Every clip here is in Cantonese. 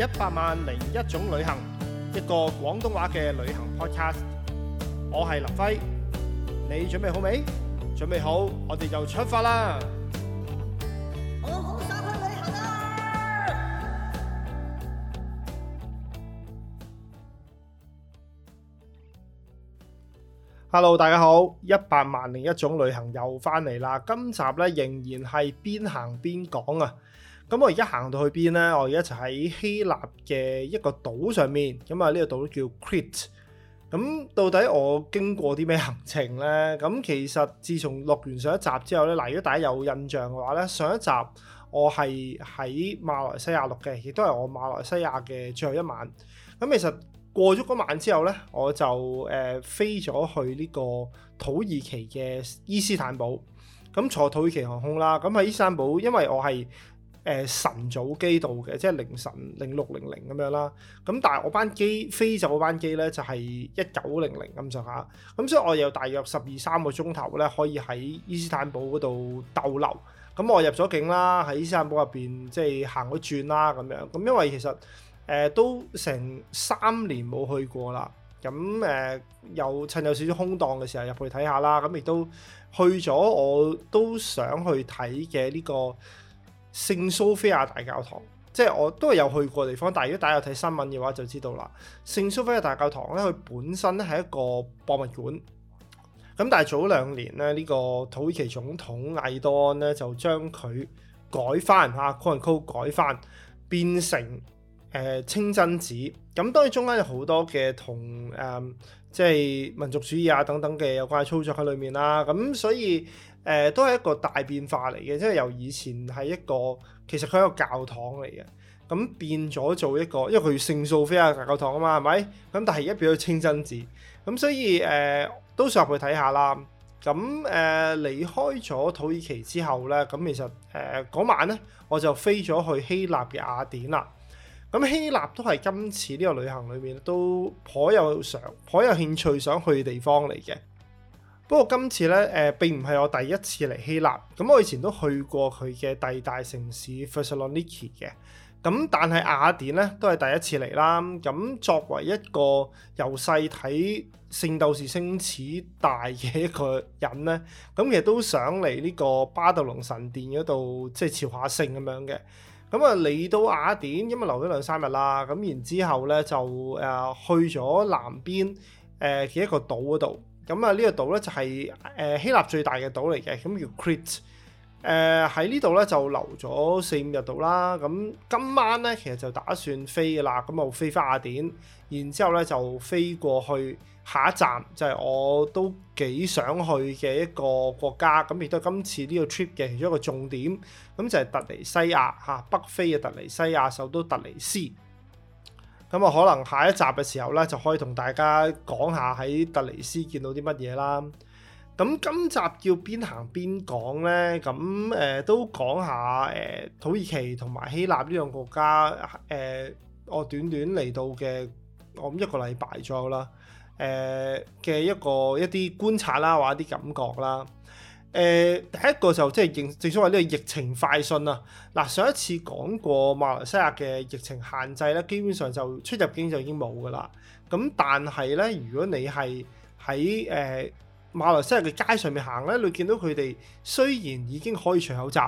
一百萬零一種旅行，一個廣東話嘅旅行 podcast。我係林輝，你準備好未？準備好，我哋就出發啦！我好想去旅行啊！Hello，大家好，一百萬零一種旅行又翻嚟啦。今集咧仍然係邊行邊講啊！咁我而家行到去邊呢？我而家就喺希臘嘅一個島上面。咁啊，呢個島叫 Crete。咁到底我經過啲咩行程呢？咁其實自從錄完上一集之後呢，嗱，如果大家有印象嘅話呢，上一集我係喺馬來西亞錄嘅，亦都係我馬來西亞嘅最後一晚。咁其實過咗嗰晚之後呢，我就誒、呃、飛咗去呢個土耳其嘅伊斯坦堡。咁坐土耳其航空啦。咁喺伊斯坦堡，因為我係，誒晨早機度嘅，即係凌晨零六零零咁樣啦。咁但係我班機飛走嗰班機咧，就係一九零零咁上下。咁、啊嗯、所以我有大約十二三個鐘頭咧，可以喺伊斯坦堡嗰度逗留。咁、嗯、我入咗境啦，喺伊斯坦堡入邊即係行咗轉啦咁樣。咁、嗯、因為其實誒、呃、都成三年冇去過啦。咁誒有趁有少少空檔嘅時候入去睇下啦。咁、嗯、亦都去咗我都想去睇嘅呢個。聖蘇菲亞大教堂，即係我都係有去過地方，但係如果大家有睇新聞嘅話，就知道啦。聖蘇菲亞大教堂咧，佢本身咧係一個博物館，咁但係早兩年咧，呢、呢個土耳其總統艾多安咧就將佢改翻吓，n c o 改翻變成誒、呃、清真寺，咁當然中間有好多嘅同誒。嗯即係民族主義啊等等嘅有關嘅操作喺裏面啦，咁所以誒、呃、都係一個大變化嚟嘅，即係由以前係一個其實佢係一個教堂嚟嘅，咁變咗做一個，因為佢係聖索菲亞大教堂啊嘛，係咪？咁但係而家變咗清真寺，咁所以誒、呃、都上去睇下啦。咁誒、呃、離開咗土耳其之後咧，咁其實誒嗰、呃、晚咧我就飛咗去希臘嘅雅典啦。咁希臘都係今次呢個旅行裏面都頗有想、頗有興趣想去嘅地方嚟嘅。不過今次咧，誒、呃、並唔係我第一次嚟希臘。咁、嗯、我以前都去過佢嘅第二大城市 Thessaloniki 嘅。咁、嗯、但係雅典咧都係第一次嚟啦。咁、嗯、作為一個由細睇《聖鬥士星矢》大嘅一個人咧，咁、嗯、其實都想嚟呢個巴德隆神殿嗰度，即係朝下聖咁樣嘅。咁啊嚟到雅典，因為留咗兩三日啦，咁然之後咧就誒去咗南邊誒嘅一個島嗰度，咁啊呢個島咧就係誒希臘最大嘅島嚟嘅，咁叫 Crete。誒喺、呃、呢度咧就留咗四五日度啦，咁今晚咧其實就打算飛噶啦，咁就飛翻雅典，然之後咧就飛過去下一站就係我都幾想去嘅一個國家，咁亦都今次呢個 trip 嘅其中一個重點，咁就係突尼西亞嚇、啊、北非嘅突尼西亞首都突尼斯，咁啊可能下一集嘅時候咧就可以同大家講下喺突尼斯見到啲乜嘢啦。咁今集要邊行邊講呢？咁誒、呃、都講下誒、呃、土耳其同埋希臘呢兩個國家誒、呃，我短短嚟到嘅我諗一個禮拜左右啦，誒、呃、嘅一個一啲觀察啦，或者啲感覺啦，誒、呃、第一個就即係正正所謂呢個疫情快訊啊，嗱、呃、上一次講過馬來西亞嘅疫情限制咧，基本上就出入境就已經冇㗎啦，咁但係呢，如果你係喺誒、呃馬來西亞嘅街上面行咧，你見到佢哋雖然已經可以除口罩，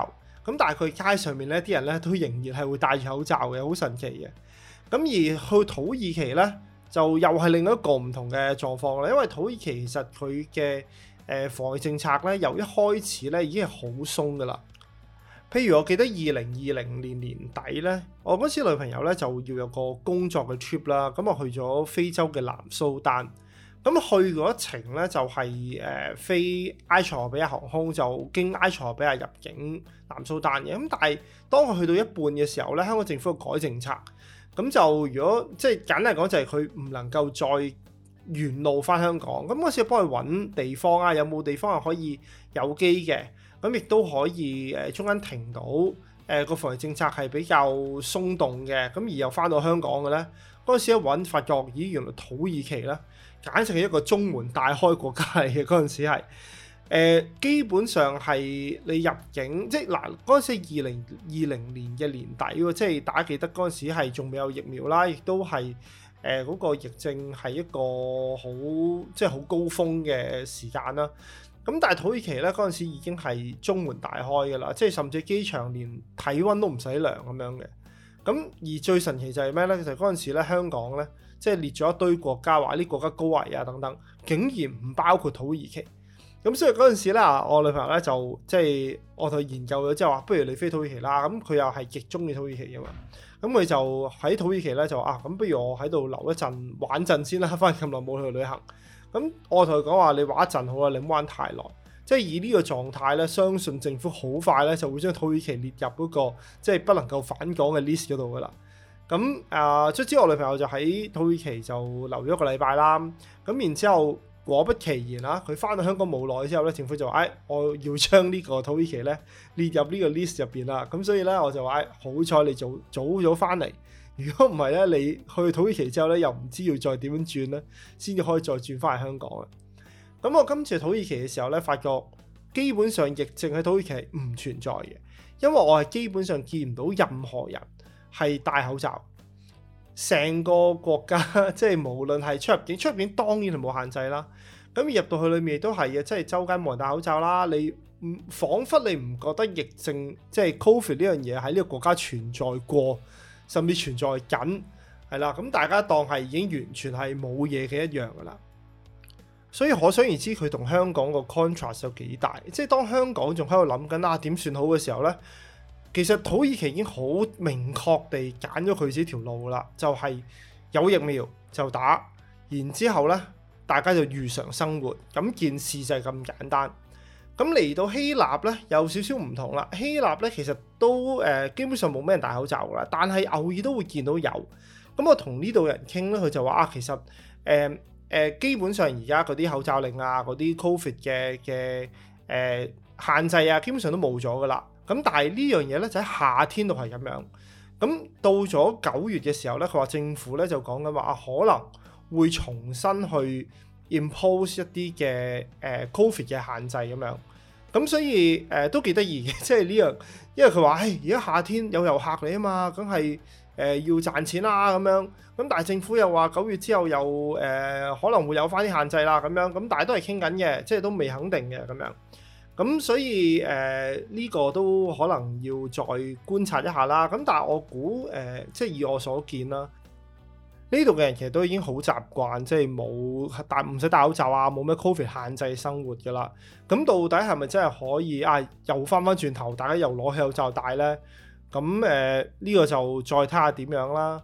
咁但係佢街上面咧啲人咧都仍然係會戴住口罩嘅，好神奇嘅。咁而去土耳其咧，就又係另一個唔同嘅狀況啦。因為土耳其其實佢嘅誒防疫政策咧，由一開始咧已經係好鬆㗎啦。譬如我記得二零二零年年底咧，我嗰時女朋友咧就要有個工作嘅 trip 啦，咁我去咗非洲嘅南蘇丹。咁去嗰程咧就係、是、誒、呃、飛埃塞俄比亞航空，就經埃塞俄比亞入境南蘇丹嘅。咁但係當佢去到一半嘅時候咧，香港政府改政策，咁就如果即係簡單嚟講就係佢唔能夠再原路翻香港。咁嗰時幫佢揾地方啊，有冇地方係可以有機嘅？咁亦都可以誒、呃、中間停到誒、呃、個防疫政策係比較鬆動嘅，咁而又翻到香港嘅咧。嗰陣時一揾發覺，咦原來土耳其咧，簡直係一個中門大開國家嚟嘅。嗰陣時係、呃、基本上係你入境，即係嗱，嗰、呃、陣時二零二零年嘅年底喎，即係大家記得嗰陣時係仲未有疫苗啦，亦都係誒嗰個疫症係一個好即係好高峰嘅時間啦。咁但係土耳其咧嗰陣時已經係中門大開㗎喇，即係甚至機場連體温都唔使量咁樣嘅。咁而最神奇就係咩呢？其實嗰陣時咧，香港呢，即係列咗一堆國家話呢國家高危啊等等，竟然唔包括土耳其。咁、嗯、所以嗰陣時咧我女朋友呢，就即係我同佢研究咗之後話，不如你飛土耳其啦。咁佢又係極中意土耳其嘅嘛。咁、嗯、佢就喺土耳其呢，就啊，咁不如我喺度留一陣玩陣先啦，返咁耐冇去旅行。咁、嗯、我同佢講話，你玩一陣好啦，你唔好玩太耐。即係以呢個狀態咧，相信政府好快咧就會將土耳其列入嗰個即係不能夠返港嘅 list 嗰度㗎啦。咁啊，即、呃、之後我女朋友就喺土耳其就留咗一個禮拜啦。咁然之後，果不其然啦，佢翻到香港冇耐之後咧，政府就話，誒、哎，我要將呢個土耳其咧列入呢個 list 入邊啦。咁所以咧，我就話，哎、好彩你早早早翻嚟，如果唔係咧，你去土耳其之後咧，又唔知要再點樣轉咧，先至可以再轉翻去香港嘅。咁我今次土耳其嘅時候咧，發覺基本上疫症喺土耳其唔存在嘅，因為我係基本上見唔到任何人係戴口罩，成個國家即係無論係出入境，出入境當然係冇限制啦。咁入到去裏面都係嘅，即係周街冇人戴口罩啦。你唔，彷彿你唔覺得疫症即係 COVID 呢樣嘢喺呢個國家存在過，甚至存在緊，係啦。咁大家當係已經完全係冇嘢嘅一樣㗎喇。所以可想而知，佢同香港個 contrast 有幾大？即係當香港仲喺度諗緊啊點算好嘅時候呢，其實土耳其已經好明確地揀咗佢自己條路啦，就係、是、有疫苗就打，然之後呢大家就日常生活，咁件事就係咁簡單。咁嚟到希臘呢，有少少唔同啦，希臘呢其實都誒、呃、基本上冇咩人戴口罩噶啦，但係偶爾都會見到有。咁我同呢度人傾呢，佢就話啊，其實誒。呃誒基本上而家嗰啲口罩令啊、嗰啲 Covid 嘅嘅誒、呃、限制啊，基本上都冇咗㗎喇。咁但係呢樣嘢咧，就喺夏天度係咁樣。咁到咗九月嘅時候咧，佢話政府咧就講緊話可能會重新去 impose 一啲嘅誒 Covid 嘅限制咁樣。咁所以誒、呃、都幾得意嘅，即係呢樣，因為佢話誒而家夏天有遊客嚟啊嘛，梗係。誒、呃、要賺錢啦咁樣，咁但係政府又話九月之後又誒、呃、可能會有翻啲限制啦咁樣，咁但係都係傾緊嘅，即係都未肯定嘅咁樣。咁所以誒呢、呃，這個都可能要再觀察一下啦。咁但係我估誒、呃，即係以我所見啦，呢度嘅人其實都已經好習慣，即係冇戴唔使戴口罩啊，冇咩 COVID 限制生活㗎啦。咁到底係咪真係可以啊？又翻翻轉頭，大家又攞起口罩戴呢。咁誒呢個就再睇下點樣啦。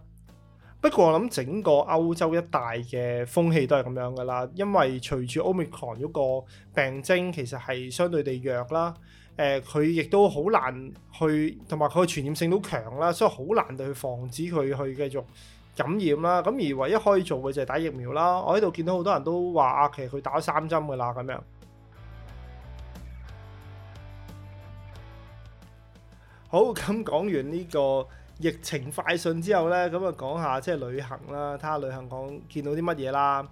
不過我諗整個歐洲一帶嘅風氣都係咁樣噶啦，因為隨住 Omicron 嗰個病徵其實係相對地弱啦。誒、呃，佢亦都好難去，同埋佢嘅傳染性都強啦，所以好難去防止佢去繼續感染啦。咁而唯一可以做嘅就係打疫苗啦。我喺度見到好多人都話阿奇佢打咗三針噶啦，咁樣。好，咁講完呢個疫情快訊之後咧，咁啊講下即係旅行啦，睇下旅行講見到啲乜嘢啦。誒、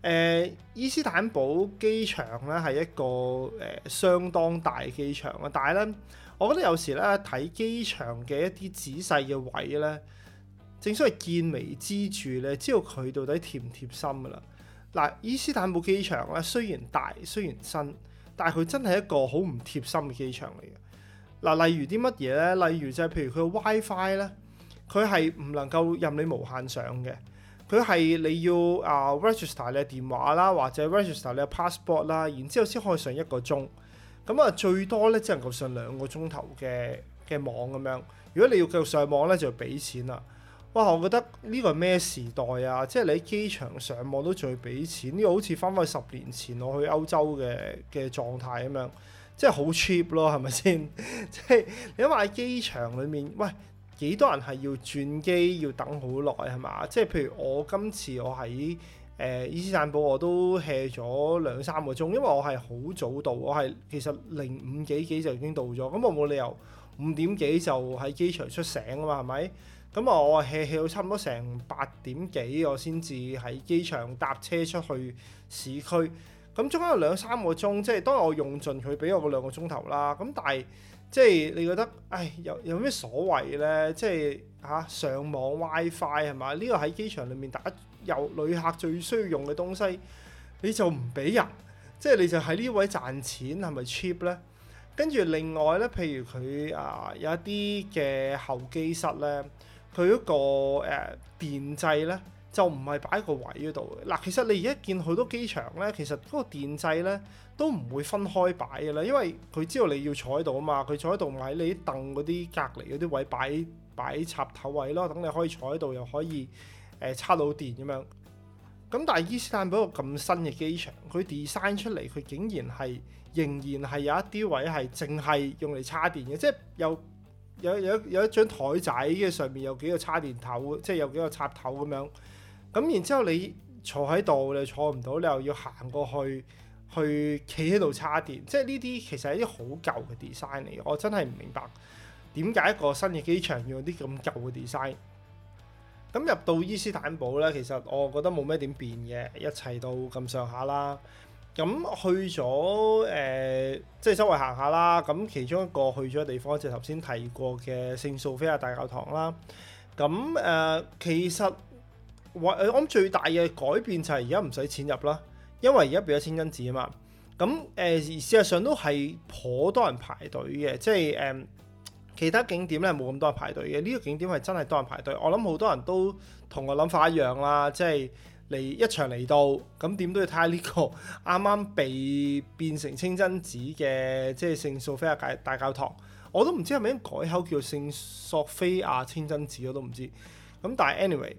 呃，伊斯坦堡機場咧係一個誒、呃、相當大嘅機場啊，但係咧，我覺得有時咧睇機場嘅一啲仔細嘅位咧，正所謂見微知著咧，知道佢到底貼唔貼心噶啦。嗱、呃，伊斯坦堡機場咧雖然大雖然新，但係佢真係一個好唔貼心嘅機場嚟嘅。嗱，例如啲乜嘢咧？例如就係，譬如佢 WiFi 咧，佢係唔能夠任你無限上嘅，佢係你要啊、uh, register 你嘅電話啦，或者 register 你嘅 passport 啦，然之後先可以上一個鐘。咁啊，最多咧只能夠上兩個鐘頭嘅嘅網咁樣。如果你要繼續上網咧，就要俾錢啦。哇，我覺得呢個係咩時代啊？即係你喺機場上網都仲要俾錢，呢、呢個好似翻返十年前我去歐洲嘅嘅狀態咁樣。即係好 cheap 咯，係咪先？即 係你因為喺機場裏面，喂幾多人係要轉機要等好耐係嘛？即係譬如我今次我喺誒、呃、伊斯坦布我都 hea 咗兩三個鐘，因為我係好早到，我係其實零五幾幾就已經到咗，咁我冇理由五點幾就喺機場出醒啊嘛，係咪？咁啊，我 hea hea 到差唔多成八點幾，我先至喺機場搭車出去市區。咁中間有兩三個鐘，即係當然我用盡佢俾我個兩個鐘頭啦。咁但係即係你覺得，唉，有有咩所謂咧？即係嚇、啊、上網 WiFi 係嘛？呢、呢個喺機場裡面，大家遊旅客最需要用嘅東西，你就唔俾人，即係你就喺呢位賺錢係咪 cheap 咧？跟住另外咧，譬如佢啊有一啲嘅候機室咧，佢嗰、嗰個誒、啊、電掣咧。就唔係擺個位嗰度嗱，其實你而家見好多機場咧，其實嗰個電掣咧都唔會分開擺嘅啦，因為佢知道你要坐喺度啊嘛，佢坐喺度唔係你啲凳嗰啲隔離嗰啲位擺擺插頭位咯，等你可以坐喺度又可以誒、呃、插到電咁樣。咁但係伊斯坦堡個咁新嘅機場，佢 design 出嚟，佢竟然係仍然係有一啲位係淨係用嚟插電嘅，即係有有有有一張台仔，嘅上面有幾個插電頭，即係有幾個插頭咁樣。咁然之後你坐喺度，你坐唔到，你又要行過去，去企喺度叉電，即係呢啲其實係啲好舊嘅 design 嚟嘅，我真係唔明白點解一個新嘅機場要用啲咁舊嘅 design。咁入到伊斯坦堡咧，其實我覺得冇咩點變嘅，一切都咁上下啦。咁去咗誒、呃，即係周圍行下啦。咁其中一個去咗嘅地方就係頭先提過嘅聖蘇菲亞大教堂啦。咁誒、呃，其實我我諗最大嘅改變就係而家唔使錢入啦，因為而家變咗清真寺啊嘛。咁誒，事實上都係頗多人排隊嘅，即係誒其他景點咧冇咁多人排隊嘅，呢個景點係真係多人排隊。我諗好多人都同我諗法一樣啦，即係嚟一場嚟到，咁點都要睇下呢個啱啱被變成清真寺嘅，即係聖索菲亞大教堂。我都唔知係咪應該改口叫做聖索菲亞清真寺，我都唔知。咁但係 anyway。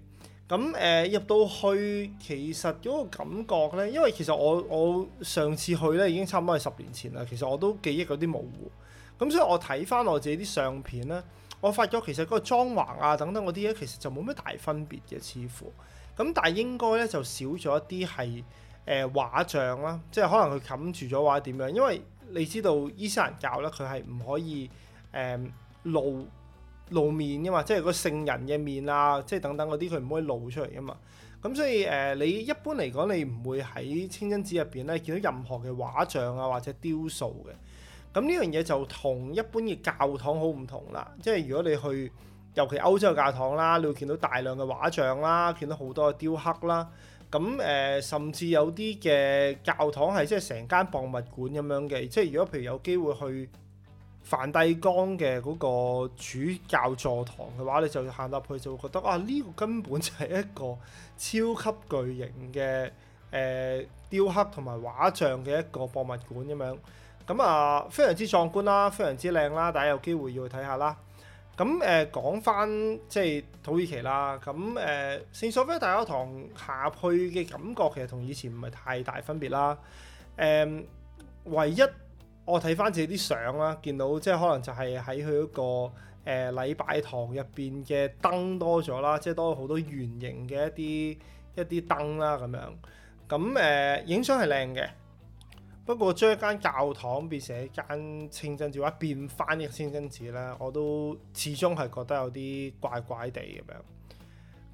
咁誒、嗯、入到去，其實嗰個感覺咧，因為其實我我上次去咧已經差唔多係十年前啦，其實我都記憶嗰啲模糊。咁、嗯、所以我睇翻我自己啲相片咧，我發覺其實嗰個裝潢啊等等嗰啲嘢其實就冇咩大分別嘅似乎。咁但係應該咧就少咗一啲係誒畫像啦，即係可能佢冚住咗或者點樣，因為你知道伊斯蘭教咧佢係唔可以誒、呃、露。露面㗎嘛，即係個聖人嘅面啊，即係等等嗰啲佢唔可以露出嚟㗎嘛。咁所以誒、呃，你一般嚟講，你唔會喺清真寺入邊咧見到任何嘅畫像啊，或者雕塑嘅。咁呢樣嘢就同一般嘅教堂好唔同啦。即係如果你去，尤其歐洲嘅教堂啦，你會見到大量嘅畫像啦，見到好多嘅雕刻啦。咁誒、呃，甚至有啲嘅教堂係即係成間博物館咁樣嘅。即係如果譬如有機會去，梵蒂岡嘅嗰個主教座堂嘅話，你就行入去就會覺得啊，呢、這個根本就係一個超級巨型嘅誒、呃、雕刻同埋畫像嘅一個博物館咁樣。咁啊，非常之壯觀啦，非常之靚啦，大家有機會要去睇下啦。咁誒、呃、講返即係土耳其啦。咁誒、呃、聖索菲亞大教堂下去嘅感覺其實同以前唔係太大分別啦。誒、呃，唯一。我睇翻自己啲相啦，見到即係可能就係喺佢嗰個誒、呃、禮拜堂入邊嘅燈多咗啦，即係多咗好多圓形嘅一啲一啲燈啦咁樣。咁誒影相係靚嘅，不過將一間教堂變成一間清真寺，或者變翻一個清真寺咧，我都始終係覺得有啲怪怪地咁樣。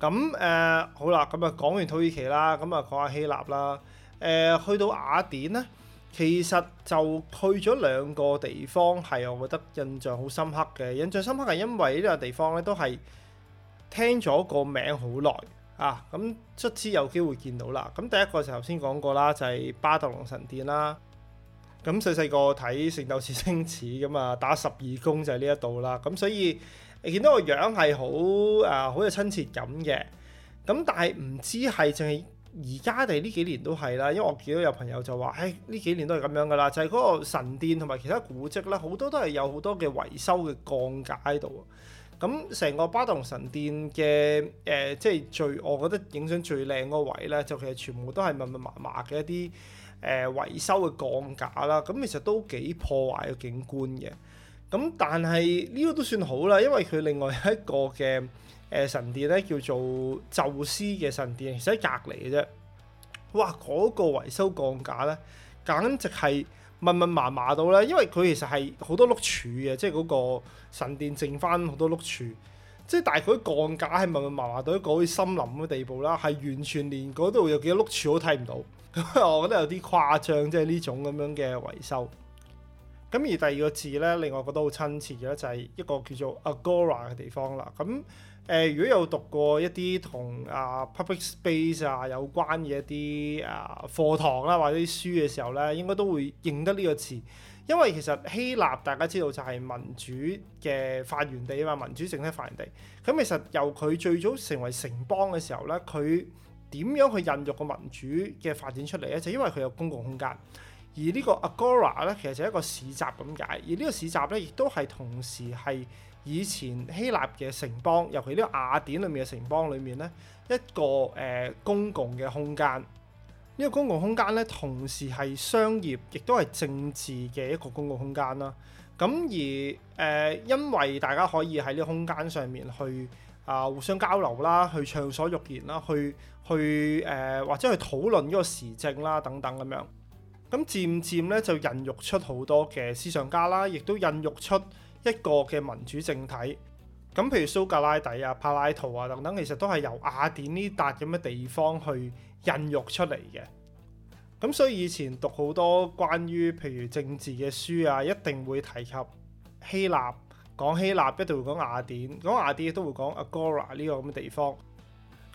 咁誒、呃、好啦，咁啊講完土耳其啦，咁啊講下希臘啦，誒、呃、去到雅典咧。其實就去咗兩個地方，係我覺得印象好深刻嘅。印象深刻係因為呢個地方咧都係聽咗個名好耐啊，咁卒之有機會見到啦。咁第一個就頭先講過啦，就係、是、巴特隆神殿啦。咁細細個睇《聖鬥士星矢》咁啊，打十二宮就係呢一度啦。咁所以你見到個樣係好啊，好有親切感嘅。咁但係唔知係淨係。而家哋呢幾年都係啦，因為我見到有朋友就話，誒呢幾年都係咁樣㗎啦，就係、是、嗰個神殿同埋其他古蹟咧，好多都係有好多嘅維修嘅降架喺度。咁、嗯、成個巴特農神殿嘅誒、呃，即係最我覺得影相最靚個位咧，就其實全部都係密密麻麻嘅一啲誒、呃、維修嘅降架啦。咁、嗯、其實都幾破壞嘅景觀嘅。咁、嗯、但係呢個都算好啦，因為佢另外有一個嘅。誒、呃、神殿咧叫做宙斯嘅神殿，其實喺隔離嘅啫。哇！嗰、那個維修鋼架咧，簡直係密密麻麻到咧，因為佢其實係好多碌柱嘅，即係嗰個神殿剩翻好多碌柱，即係但係佢鋼架係密密麻麻到一個好似森林嘅地步啦，係完全連嗰度有幾多碌柱都睇唔到。 我覺得有啲誇張，即係呢種咁樣嘅維修。咁而第二個字咧，令我覺得好親切嘅咧，就係、是、一個叫做 agora 嘅地方啦。咁、嗯、誒、呃，如果有讀過一啲同啊 public space 啊有關嘅一啲啊課堂啦或者啲書嘅時候咧，應該都會認得呢個詞，因為其實希臘大家知道就係民主嘅發源地嘛，民主政體發源地。咁、嗯、其實由佢最早成為城邦嘅時候咧，佢點樣去孕育個民主嘅發展出嚟咧？就是、因為佢有公共空間。而呢個 Agora 咧，其實就一個市集咁解，而呢個市集咧，亦都係同時係以前希臘嘅城邦，尤其呢個雅典裏面嘅城邦裏面咧，一個誒、呃、公共嘅空間。呢、這個公共空間咧，同時係商業，亦都係政治嘅一個公共空間啦。咁、啊、而誒、呃，因為大家可以喺呢個空間上面去啊、呃、互相交流啦，去暢所欲言啦，去去誒、呃、或者去討論呢個時政啦等等咁樣。咁漸漸咧就孕育出好多嘅思想家啦，亦都孕育出一個嘅民主政體。咁譬如蘇格拉底啊、柏拉圖啊等等，其實都係由雅典呢笪咁嘅地方去孕育出嚟嘅。咁所以以前讀好多關於譬如政治嘅書啊，一定會提及希臘，講希臘一定會講雅典，講雅典都會講 Agora 呢個咁嘅地方。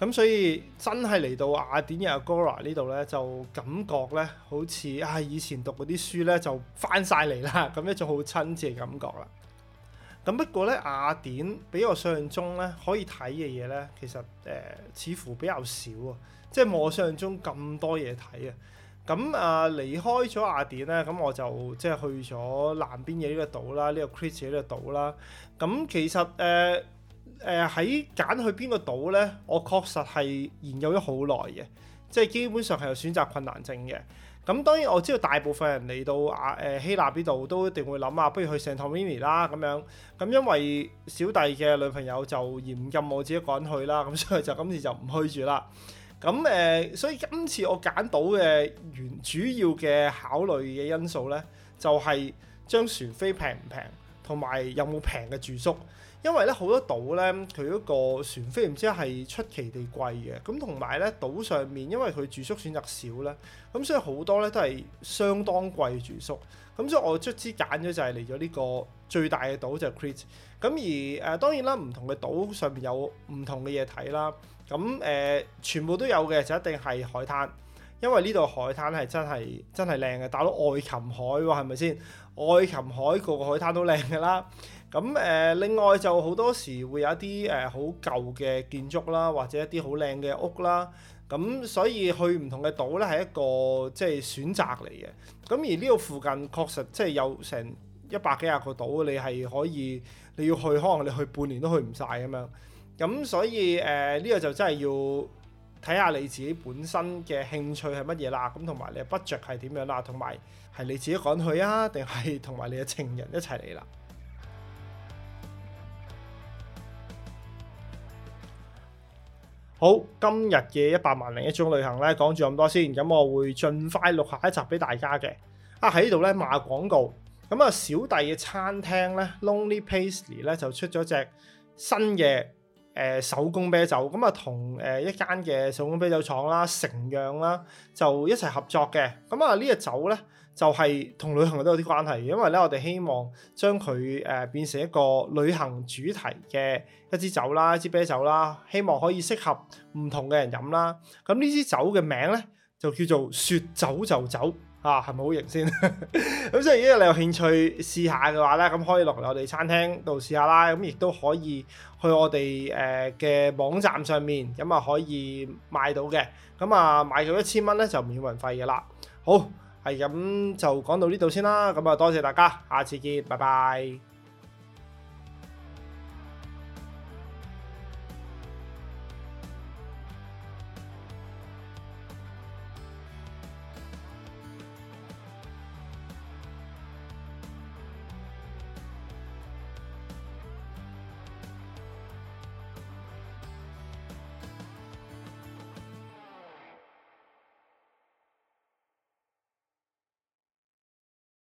咁所以真係嚟到雅典嘅 Agora 呢度咧，就感覺咧好似啊以前讀嗰啲書咧就翻晒嚟啦，咁 一種好親切嘅感覺啦。咁不過咧，雅典比我想象中咧可以睇嘅嘢咧，其實誒、呃、似乎比較少喎、啊，即係冇我想象中咁多嘢睇啊。咁啊、呃、離開咗雅典咧，咁我就即係去咗南邊嘅呢個島啦，呢、這個 Crete 呢個島啦。咁、嗯、其實誒。呃誒喺揀去邊個島呢，我確實係研究咗好耐嘅，即係基本上係有選擇困難症嘅。咁、嗯、當然我知道大部分人嚟到亞誒希臘呢度都一定會諗啊，不如去聖托尼尼啦咁樣。咁、嗯、因為小弟嘅女朋友就嚴禁我自己一個人去啦，咁、嗯、所以就今次就唔去住啦。咁、嗯、誒、呃，所以今次我揀島嘅原主要嘅考慮嘅因素呢，就係、是、將船飛平唔平。同埋有冇平嘅住宿？因為咧好多島咧，佢嗰個船飛唔知係出奇地貴嘅。咁同埋咧島上面，因為佢住宿選擇少咧，咁、嗯、所以好多咧都係相當貴住宿。咁、嗯、所以我卒之揀咗就係嚟咗呢個最大嘅島就係、Crete 咁而誒、呃、當然啦，唔同嘅島上面有唔同嘅嘢睇啦。咁、嗯、誒、呃、全部都有嘅就一定係海灘，因為呢度海灘係真係真係靚嘅，打到愛琴海喎，係咪先？愛琴海個個海灘都靚㗎啦，咁誒、呃、另外就好多時會有一啲誒好舊嘅建築啦，或者一啲好靚嘅屋啦，咁所以去唔同嘅島咧係一個即係選擇嚟嘅，咁而呢個附近確實即係有成一百幾廿個島，你係可以你要去，可能你去半年都去唔晒咁樣，咁所以誒呢、呃這個就真係要睇下你自己本身嘅興趣係乜嘢啦，咁同埋你嘅 budget 係點樣啦，同埋。係你自己趕去啊，定係同埋你嘅情人一齊嚟啦？好，今日嘅一百萬零一種旅行咧，講住咁多先，咁我會盡快錄下一集俾大家嘅。啊，喺呢度咧賣廣告，咁啊，小弟嘅餐廳咧，Lonely Place 咧就出咗隻新嘅誒手工啤酒，咁啊，同誒一間嘅手工啤酒廠啦、成樣啦，就一齊合作嘅。咁啊，呢隻酒咧～就係同旅行都有啲關係，因為咧我哋希望將佢誒變成一個旅行主題嘅一支酒啦，一支啤酒啦，希望可以適合唔同嘅人飲啦。咁呢支酒嘅名咧就叫做説走就走啊，係咪好型先？咁即係如果你有興趣試下嘅話咧，咁可以落嚟我哋餐廳度試下啦。咁亦都可以去我哋誒嘅網站上面咁啊可以買到嘅。咁啊買咗一千蚊咧就免運費嘅啦。好。係咁、嗯、就講到呢度先啦，咁啊多謝大家，下次見，拜拜。